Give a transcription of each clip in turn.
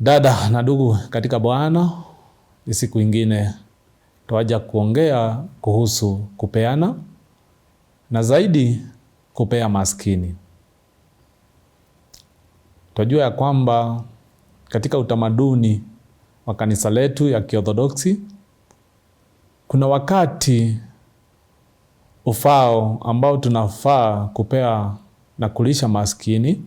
Dada na ndugu katika Bwana, ni siku ingine twaja kuongea kuhusu kupeana na zaidi kupea maskini. Twajua ya kwamba katika utamaduni wa kanisa letu ya Kiorthodoksi kuna wakati ufao ambao tunafaa kupea na kulisha maskini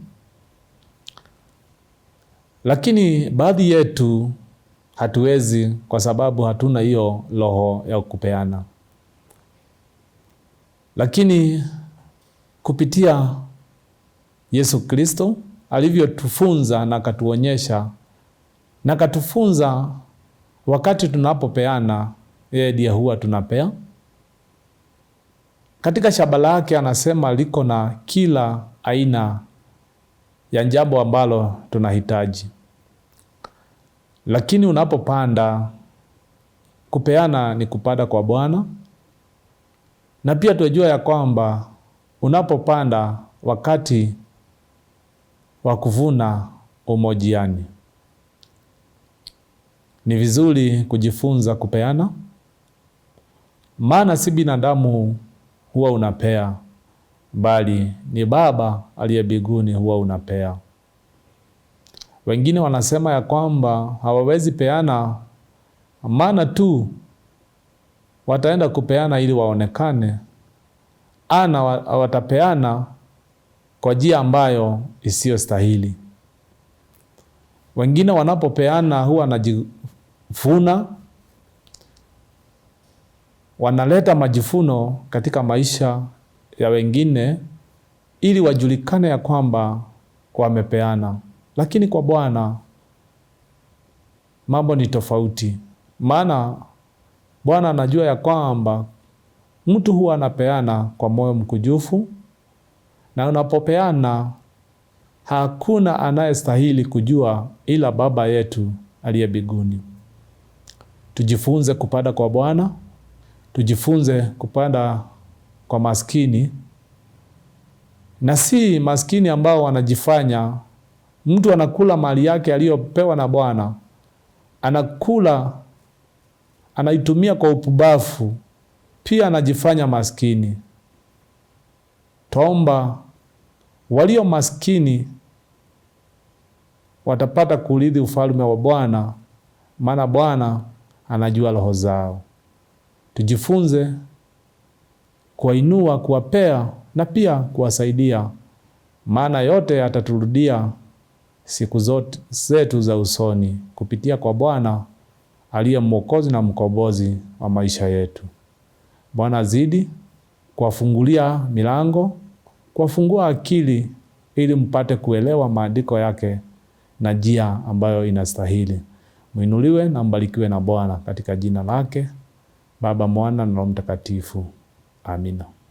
lakini baadhi yetu hatuwezi kwa sababu hatuna hiyo roho ya kupeana. Lakini kupitia Yesu Kristo alivyotufunza na akatuonyesha na akatufunza, wakati tunapopeana, yeye ndiye huwa tunapea. Katika shamba lake anasema liko na kila aina ya jambo ambalo tunahitaji. Lakini unapopanda kupeana ni kupanda kwa Bwana, na pia tunajua ya kwamba unapopanda wakati wa kuvuna umojiani Ni vizuri kujifunza kupeana, maana si binadamu huwa unapea bali ni Baba aliye mbinguni huwa unapea. Wengine wanasema ya kwamba hawawezi peana maana tu wataenda kupeana ili waonekane, ana watapeana kwa njia ambayo isiyostahili. Wengine wanapopeana huwa wanajifuna, wanaleta majifuno katika maisha ya wengine ili wajulikane ya kwamba wamepeana. Lakini kwa Bwana mambo ni tofauti, maana Bwana anajua ya kwamba mtu huwa anapeana kwa moyo mkujufu, na unapopeana hakuna anayestahili kujua ila Baba yetu aliye mbinguni. Tujifunze kupanda kwa Bwana, tujifunze kupanda kwa maskini, na si maskini ambao wanajifanya. Mtu anakula mali yake aliyopewa na Bwana, anakula anaitumia kwa upubafu, pia anajifanya maskini. Twaomba walio maskini watapata kurithi ufalme wa Bwana, maana Bwana anajua roho zao. Tujifunze kuwainua, kuwapea na pia kuwasaidia, maana yote ataturudia siku zote zetu za usoni kupitia kwa Bwana aliye Mwokozi na mkombozi wa maisha yetu. Bwana zidi kuwafungulia milango, kuwafungua akili ili mpate kuelewa maandiko yake na njia ambayo inastahili. Mwinuliwe na mbarikiwe na Bwana katika jina lake Baba, Mwana na Roho Mtakatifu. Amém. não.